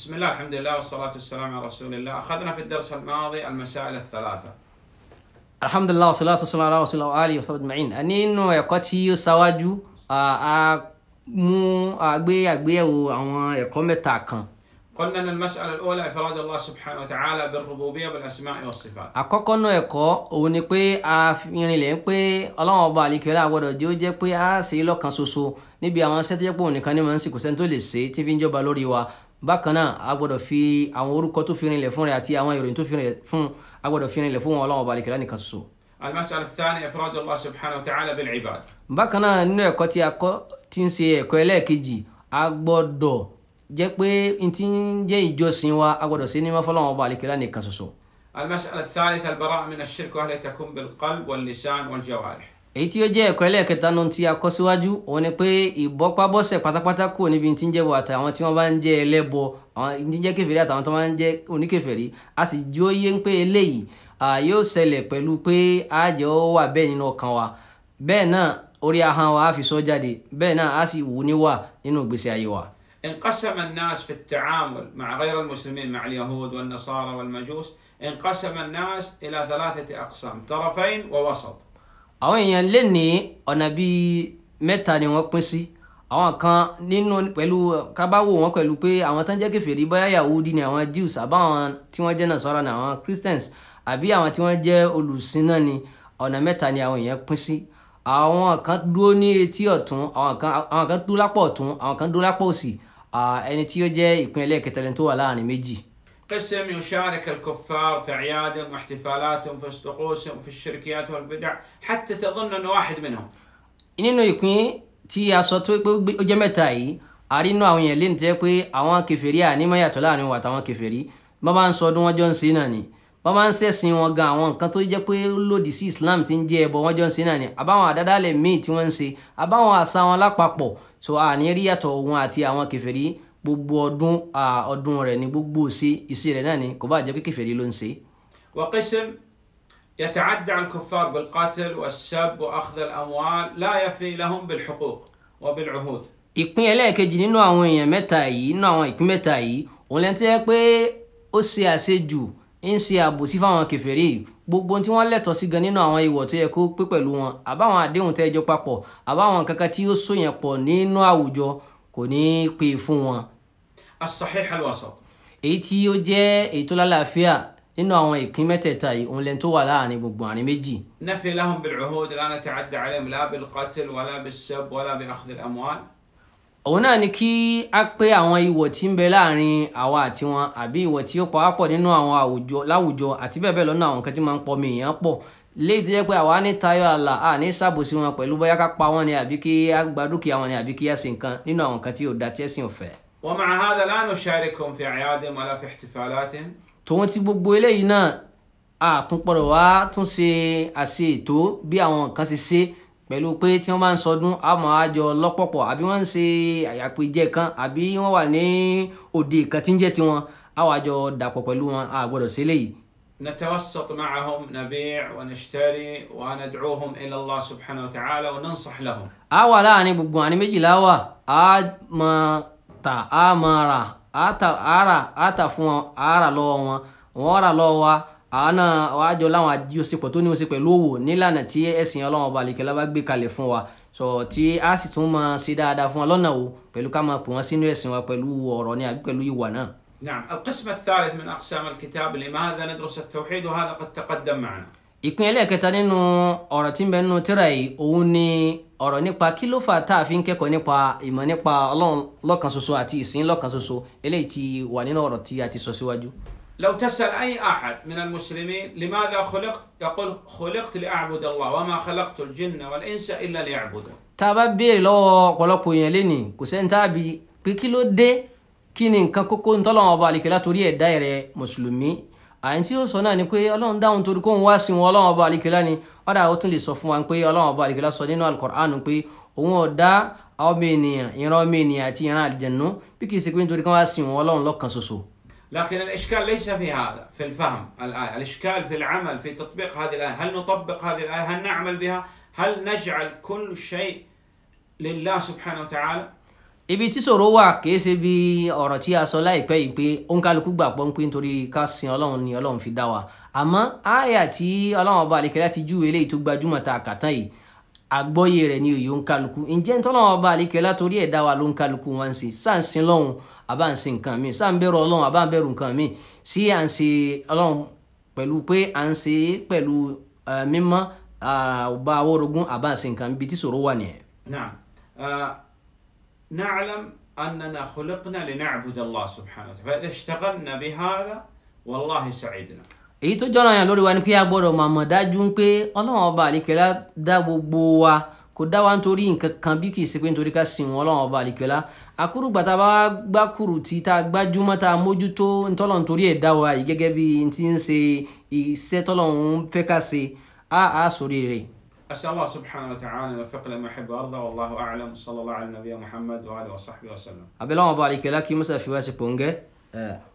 بسم الله الحمد لله والصلاة والسلام على رسول الله أخذنا في الدرس الماضي المسائل الثلاثة الحمد لله والصلاة والسلام على رسول الله وآله وصحبه أجمعين أنينú ẹ̀kọ́ يقتي ó ṣáwájú a mú agbé àgbéyẹ̀wò àwọn ẹ̀kọ́ قلنا أن المسألة الأولى إفراد الله سبحانه وتعالى بالربوبية بالأسماء والصفات. àkọ́kọ́ náà ẹ̀kọ́ òun ni pé الله irinlẹ̀ ń pé ọlọ́run ọba àlekèọ́lá gbọ́dọ̀ jẹ́ ó jẹ́ pé a ṣe é lọ́kan ṣoṣo níbi àwọn iṣẹ́ bákan náà a gbọ́dọ̀ fi àwọn orúkọ tó fi rinlẹ̀ fún rẹ̀ àti àwọn ìròyìn tó fi rinlẹ̀ fún a gbọ́dọ̀ fi rinlẹ̀ fún wọn ọlọ́wọ́ balẹ̀ kẹlẹ́ nìkan ṣoṣo. المسألة الثانية إفراد الله سبحانه وتعالى بالعباد. bákan náà nínú ẹ̀kọ́ tí a kọ́ tí ń ṣe ẹ̀kọ́ ẹlẹ́ẹ̀kejì a gbọ́dọ̀ jẹ́ pé n ti ń jẹ́ ìjọsìn wa a gbọ́dọ̀ ṣe ní mọ́fọ́lọ́wọ́ balẹ̀ kẹlẹ́ nìkan ṣoṣo. المسألة الثالثة èyí tí ó jẹ́ ẹ̀kọ́ ẹlẹ́ẹ̀kẹta nu tí a kọ́ síwájú òun ni pé ìbọ́pábọ́sẹ̀ pátápátá kù níbi tí ń jẹ́bọ àtàwọn tí wọ́n bá ń jẹ́ ẹlẹ́bọ àwọn tí ń jẹ́ kèfèrí àtàwọn tó máa ń jẹ́ oníkèfèrí a sì jó yé ń pé eléyìí yóò ṣẹlẹ̀ pẹ̀lú pé àjẹ́ ó wà bẹ́ẹ̀ nínú ọkàn wa bẹ́ẹ̀ náà orí ahọ́n wa á fi sọ jáde bẹ́ẹ̀ náà á sì wù níwà nínú ìgbésí ayé wa. انقسم الناس في التعامل مع غير المسلمين مع اليهود والنصارى والمجوس انقسم الناس إلى ثلاثة أقسام طرفين ووسط àwọn èèyàn lè ní ọ̀nà bíi mẹ́ta ni wọ́n pín sí àwọn kan nínú pẹ̀lú kábáwò wọn pẹ̀lú pé àwọn tán jẹ́ kèfèrí bóyá Yahudi ni àwọn Jews àbáwọn tí wọ́n jẹ́ Nasara ni àwọn Christians àbí àwọn tí wọ́n jẹ́ olùsìn náà ni ọ̀nà mẹ́ta ni àwọn èèyàn pín sí àwọn kan dúró ní etí ọ̀tún àwọn kan àwọn dúró lápò ọ̀tún àwọn kan dúró lápò òsì ẹni tí ó jẹ́ ìpín ẹlẹ́ẹ̀kẹtẹlẹ tó wà láàrin méjì قسم يشارك الكفار في أعيادهم واحتفالاتهم في طقوسهم في الشركيات والبدع حتى تظن أنه واحد منهم nínú ìpín tí a sọ tó pé ó jẹ́ mẹ́ta yìí a rí inú àwọn èèyàn lè jẹ́ pé àwọn kẹfẹ́rí ànímọ́ yàtọ̀ láàrin wọn àtàwọn kẹfẹ́rí bá bá ń sọ ọdún wọn jọ ń ṣe náà ni bá bá ń ṣẹ̀sìn wọn gan àwọn nǹkan tó jẹ́ pé lòdì sí Islam ti ń jẹ́ ẹbọ wọn jọ ń ṣe náà ni àbáwọn àdádálẹ̀ míì tí wọ́n ń ṣe àbáwọn àṣà wọn lápapọ̀ tó àní rí yàtọ̀ òun àti àwọn kẹfẹ́rí gbogbo ọdún ọdún rẹ̀ ni gbogbo ṣe ìṣe rẹ̀ náà ni kò bá jẹ́ pé kèfèrí ló ń ṣe. وقسم يتعدى على الكفار بالقتل والسب وأخذ الأموال لا يفي لهم بالحقوق وبالعهود. ìpín ẹlẹ́ẹ̀kejì nínú àwọn èèyàn mẹ́ta yìí nínú àwọn ìpín mẹ́ta yìí òun lẹ́ni tó yẹ pé ó ṣe àṣejù ń ṣe àbòsí fáwọn kèfèrí gbogbo tí wọ́n lẹ́tọ̀ọ́ sí gan nínú àwọn ìwọ̀ tó yẹ kó pé pẹ̀lú wọn àbáwọn àdéhùn tẹ́jọ papọ̀ àbáwọn kankan tí ó sóyàn pọ̀ nínú àwùjọ kò ní pè fún wọn. as-sahih al-wasat. èyí tí ó jẹ́ èyí tó lálàáfíà nínú àwọn ìpín mẹ́tẹ̀ẹ̀ta yìí òun lẹ́ni tó wà láàrin gbogbo àárín méjì. nafi lahum bil-uhud la nata'adda alayhim la bil-qatl wala bis-sabb wala bi-akhdhi al-amwal òun náà ni kí a pé àwọn ìwọ̀ tí ń bẹ láàrin àwa àti wọn àbí ìwọ̀ tí ó pawápọ̀ nínú àwọn àwùjọ láwùjọ àti bẹ́ẹ̀ bẹ́ẹ̀ lọ́nà àwọn nǹkan tí máa ń pọ̀ mí èèyàn pọ̀ léyìí tó jẹ́ pé àwa ní tayọ àlà à ní ṣàbòsí wọn pẹ̀lú bóyá ká pa wọn ni àbí kí á gba dúkìá wọn ni àbí kí á ṣe nǹkan nínú àwọn nǹkan tí ò da tí ẹ̀sìn ò fẹ́. wa ma'a hadha la nusharikum fi a'yadihim wala fi ihtifalatihim. tòun ti gbogbo eléyìí náà àtúnpọ̀rọ̀ wá tún ṣe àṣe ètò bí àwọn nǹkan ṣe ṣe pẹ̀lú pé tí wọ́n bá ń sọdún àmọ́ àjọ lọ́pọ̀pọ̀ àbí wọ́n ń ṣe àyàpéjẹ kan àbí wọ́n wà ní òde kan tí ń jẹ́ tiwọn àwọn dàpọ̀ pẹ̀lú wọn àgbọ̀dọ̀ ṣe léyìí نتوسط معهم نبيع ونشتري وندعوهم الى الله سبحانه وتعالى وننصح لهم àwa láàrin gbogbo àní méjìlá wa a máa ta a máa ra a ta ara a ta fún wọn a ra lọ́wọ́ wọn wọn ra lọ́wọ́ wa àánà àjọ láwọn àjọṣepọ̀ tó ní oṣù pẹ̀lú òwò nílànà tí ẹ̀sìn ọlọ́run ọba àlekèlá bá gbé kalẹ̀ fún wa sọ tí a sì tún máa ṣe dáadáa fún wọn lọ́nà o pẹ̀lú ká máa pè wọ́n sínú ẹ̀sìn wa pẹ̀lú ọ̀rọ̀ ni àbí pẹ̀lú ìwà náà. نعم القسم الثالث من أقسام الكتاب لماذا ندرس التوحيد وهذا قد تقدم معنا ìpín ẹlẹ́ẹ̀kẹta nínú ọ̀rọ̀ tí ń bẹ nínú tírà yìí òun ni ọ̀rọ̀ nípa kí ló fà tá a fi ń kẹ́kọ̀ọ́ nípa ìmọ̀ nípa ọlọ́run lọ́kan àti ìsìn lọ́kan eléyìí ti wà nínú ọ̀rọ̀ tí a ti sọ síwájú. لو تسأل أي أحد من المسلمين لماذا خلقت يقول خلقت لأعبد الله وما خلقت الجن والإنس إلا ليعبدون. tá a bá béèrè lọ́wọ́ ọ̀pọ̀lọpọ̀ èèyàn lénìí kò sẹ́ni tá a bi pé kí ló dé kí ni nǹkan kókó ń tọ́lọ́wọ́n ọba àlekèlá torí ẹ̀dá ẹ̀rẹ̀ mùsùlùmí àyìn tí ó sọ náà ni pé ọlọ́run dáhùn torí kóun wá sí wọn ọlọ́run ọba àlekèlá ni ọ̀dà ó tún lè sọ fún wa pé ọlọ́run ọba àlekèlá sọ nínú alukor'anu pé òun ọ̀dá ọmọ ènìyàn ìran ọmọ ènìyàn àti ìran àlìjẹ̀nu bí kì í ṣe pé nítorí kan wá sí wọn ọlọ́run lọ́kàn ṣoṣo. لكن الإشكال ليس في هذا في الفهم الآية الإشكال في العمل في تطبيق هذه الآية هل نطبق هذه الآية هل نعمل بها هل نجعل كل شيء لله سبحانه وتعالى ibi tí ṣòro wà kìí ṣe bí ọ̀rọ̀ tí a sọ láìpẹ́ yìí pé òǹkálukú gbà pọ́n nítorí ká sin ọlọ́run ni ọlọ́run fi dá wa àmọ́ àyà tí ọlọ́run ọba àlekèrè ti júwe eléyìí tó gbajúmọ̀ ta àkàtàn yìí àgbọ́yé rẹ̀ ni òye òǹkálukú ǹjẹ́ ntọ́lọ́run ọba àlekèrè torí ẹ̀ dá wa ló òǹkálukú wọn ń ṣe sáǹsìn lọ́hùn àbá ń sin nǹkan míì sáǹbẹ̀rù ọlọ́run àbá ń bẹ̀rù nǹkan míì sí à ń ṣe ọlọ́run pẹ̀lú pé à ń ṣe pẹ̀lú mímọ́ ọba awórogún àbá ń nǹkan bíi tí ṣòro wà nìyẹn. نعلم أننا خلقنا لنعبد الله سبحانه وتعالى فإذا اشتغلنا بهذا والله سعيدنا. èyí tó jọ́ra yàn lórí wa ni pé a gbọ́dọ̀ máa mọ̀ dájú pé ọlọ́run ọba àlekèlá dá gbogbo wa kò dá wa nítorí nǹkan kan bí kì í ṣe pé nítorí ká sìn wọn ọlọ́run ọba àlekèlá àkúrùgbà tá bá gbá kùrùtì tá a gbájúmọ́ tá mójútó ntọ́lọ̀ nítorí ẹ̀ dá wa yìí gẹ́gẹ́ bí n ti ń ṣe iṣẹ́ tọ́lọ̀ ń fẹ́ ká ṣe á á sórí rẹ̀. أسأل الله سبحانه وتعالى أن يوفق لما يحب ويرضى والله أعلم صلى الله على نبينا محمد وآله وصحبه وسلم. أبي الله مبارك لك مسألة في بونجي.